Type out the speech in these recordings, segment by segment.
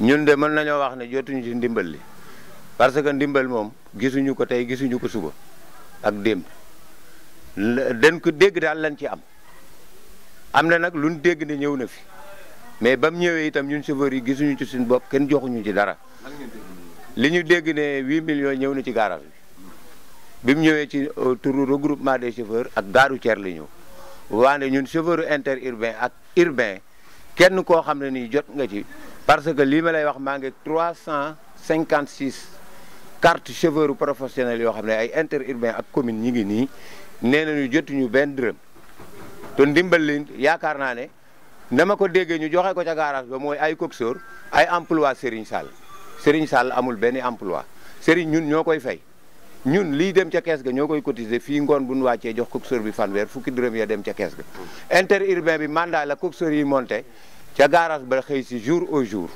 ñun de mën nañoo wax ne jotuñu ci ndimbal li parce que ndimbal moom gisuñu ko tey gisuñu ko suba ak démb den ko dégg daal lañ ci am am na nag luñ dégg ne ñëw na fi mais ba mu ñëwee itam ñun chauffeurs yi gisuñu ci suñu bopp kenn joxuñu ci dara li ñu dégg ne huit million ñëw na ci garage bi bi mu ñëwee ci euh, turu regroupement des chauffeurs ak gaaru ceer li ñëw waane ñun inter interurbain ak urbain kenn koo xam ne nii jot nga ci parce que lii ma lay wax maa ngi 356 carte chauffeur professionnel yoo xam ne ay interurbain ak commune ñi ngi nii nee nañu jotuñu benn dërëm te ndimbal li yaakaar naa ne na ma ko déggee ñu joxe ko ca garage ba mooy ay coxeur ay emploi Serigne Sall Serigne Sall amul benn emploi Serigne ñun ñoo koy fay ñun liy dem ca kees ga ñoo koy cotiser fii ngoon bu ñu wàccee jox coxeur bi fanweer fukki dërëm ya dem ca kees ga mm. interurbain bi mandat la coxeur yi ca garage ba xëy si jour au jour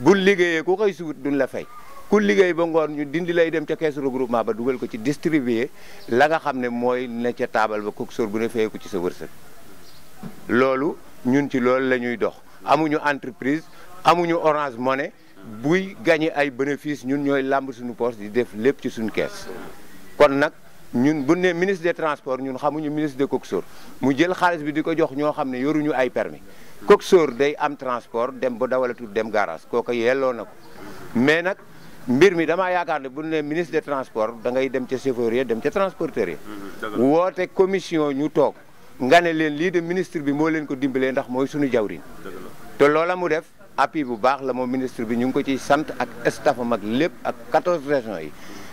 bul liggéeyee ku xëy si wut duñ la fay ku liggéey ba ngoon ñu dindi lay dem ca caisse regroupement ba dugal ko ci distribuer la nga xam ne mooy ne ca taabal ba kooku sóor bu ne fayee ko ci sa wërsëg loolu ñun ci loolu la ñuy dox amuñu entreprise amuñu Orange Money buy gagné ay bénéfice ñun ñooy làmb suñu poche di def lépp ci suñu caisse kon nag ñun bu ne ministre de transports ñun xamuñu ministre de coxeur mu jël xaalis bi ko jox ñoo xam ne yoruñu ay permis coxeur day am transport dem ba dawalatul dem garage kooku yelloo na ko mais nag mbir mi damaa yaakaar ne bu ne ministre des transport da ngay dem ca chauffeur ya dem ca transporteur ya mm-hmm, woote commission ñu toog nga ne leen lii de ministre bi moo leen ko dimbalee ndax mooy suñu jawrin te loola mu def appui bu baax la moom ministre bi ñu ngi ko ciy sant ak staffam ak lépp ak 14 régions yi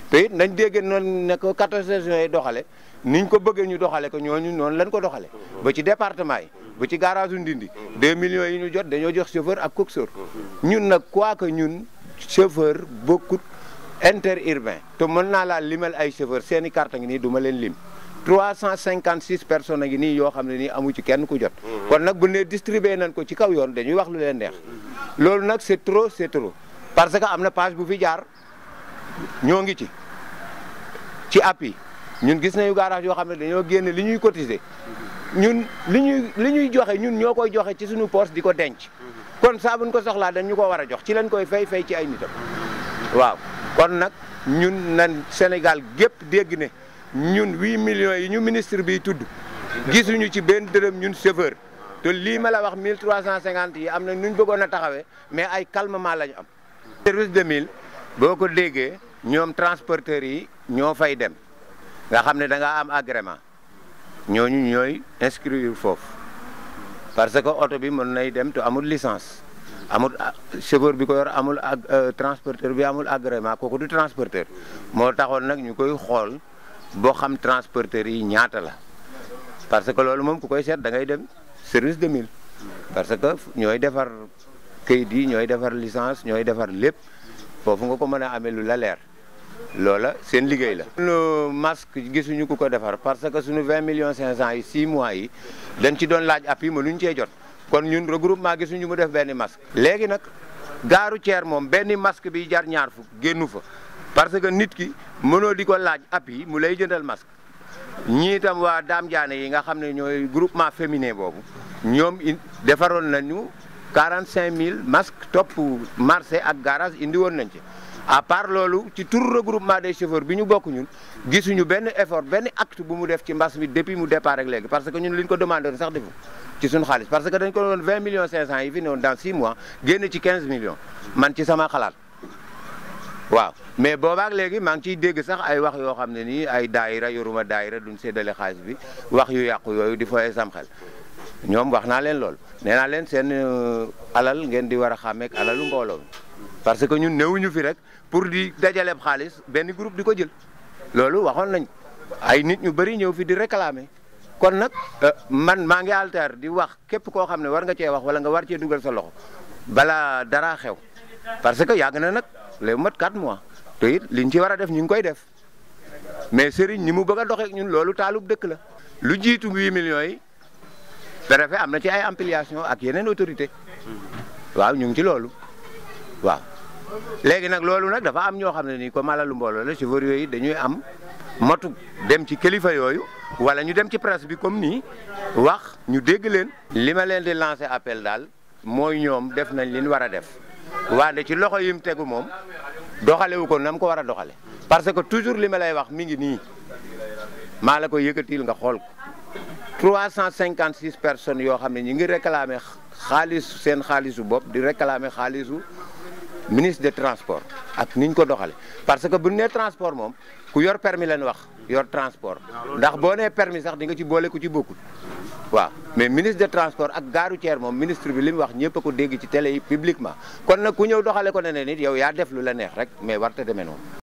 te it nañ dégg noonu ne ko 14 régions yi doxale niñ ko bëggee ñu doxale ko ñooñu noonu lañ ko doxale ba ci département yi bu ci garage Ndindi. 2 millions yi ñu jot dañoo jox chauffeur ak coxeur. ñun nag quoi que ñun chauffeur bokkut interurbain te mën naa laa limal ay chauffeur seeni i carte ngi nii du ma cent lim. 356 personnes ngi nii yoo xam ne ni amu ci kenn ku jot. Mmh. kon nag bu ne distribué nañ ko ci kaw yoon dañuy wax lu leen neex. loolu nag c'est trop c'est parce que am na page bu fi jaar ñoo ngi ci ci appui ñun gis nañu garage yoo xam ne dañoo génne li ñuy cotiser. ñun li ñuy li ñuy joxe ñun ñoo koy joxe ci suñu poos di ko denc kon saa buñ ko soxlaa dañ ñu ko war a jox ci lañ koy fay fay ci ay nitam waaw kon nag ñun na Sénégal gépp dégg ne ñun huit millions yi ñu ministre bi tudd gisuñu ci benn dërëm ñun chauffeur te lii ma la wax mille trois cent cinquante yi am nañ nuñ bëggoon a taxawee mais ay calmement la ñu am service de mille boo ko déggee ñoom transporteurs yi ñoo fay dem nga xam ne da nga am agrément ñooñu ñooy inscrire foofu parce que oto bi mën nay dem te amul licence amul ah, chauffeur bi ko yor amul ak euh, transporteur bi amul agrément kooku du transporteur moo taxoon nag ñu koy xool boo xam transporteur yi ñaata la parce que loolu moom ku koy seet da ngay dem service de mille parce que ñooy defar kayit yi ñooy defar licence ñooy defar lépp foofu nga ko mën a amee lu la leer loola seen liggéey la. suñu masque gisuñu ku ko defar parce que suñu vingt millions cinq cent yi six mois yi dañ ci doon laaj appui ñu cee jot kon ñun regroupement gisuñu mu def benn masque. léegi nag gaaru ceer moom benn masque bi jar ñaar fukk génnu fa parce que nit ki mënoo di ko laaj appui mu lay jëndal masque ñii waa Dame Diané yi nga xam ne ñooy groupement féminin boobu ñoom defaroon nañu quarante cinq mille masques topp marché ak garage indi woon nañ ci. à part loolu ci tout regroupement des chauffeurs bi ñu bokk ñun gisuñu benn effort benn act bu mu def ci mbas mi depuis mu départ rek parce que ñun li ñu ko demandé sax defu ci suñu xaalis parce que dañ ko doon 20 millions 500 yi fi ne woon dans 6 mois man ci sama xalaat waaw mais boobaak léegi maa ngi ciy dégg sax ay wax yoo xam ne nii ay daayira yoruma daayira duñ séddale xaalis bi wax yu yàqu yooyu di fooye sam xel ñoom wax naa leen lool nee naa leen seen euh, alal ngeen di war a xàmmeek alalu mbooloo parce que ñun néewuñu fi rek pour di dajaleeb xaalis benn groupe di ko jël loolu waxoon nañ ay nit ñu bëri ñëw fi di réclamer kon nag euh, man maa ngi alter di wax képp koo xam ne war nga cee wax wala nga war cee dugal sa loxo balaa daraa xew parce que yàgg na nag léegi mat 4 mois te it liñ ci war a def ñu ngi koy def mais Serigne ñi mu bëgg a doxeek ñun loolu taalu dëkk la. lu jiitu 8 millions yi préfet am na ci ay ampliation ak yeneen autorité waaw ñu ngi ci loolu waaw. léegi nag loolu nag dafa am ñoo xam ne nii comme alalu mbooloo la chauffeur yooyu dañuy am matu dem ci kilifa yooyu wala ñu dem ci presse bi comme nii wax ñu dégg leen. li ma leen di lancer appel daal mooy ñoom def nañ li ñu war a def waaye ci loxo yi mu tegu moom doxalewu ko na mu ko war a doxale parce que toujours li ma lay wax mi ngi nii maa la ko yëkkatil nga xool ko cent cinquante 356 personnes yoo xam ne ñu ngi réclamer xaalisu seen xaalisu bopp di réclamer xaalisu. ministre de transports ak ni ko doxale parce que bu ñu nee transport moom ku yor permis leen wax yor transport ndax boo nee permis sax di nga ci boole ku ci bokkul waaw mais ministre des transports ak gare routière moom ministre bi li mu wax ñëpp ko dégg ci télé yi publiquement kon na ku ñëw doxale ko ne ne nit yow yaa def lu la neex rek mais warta demee noonu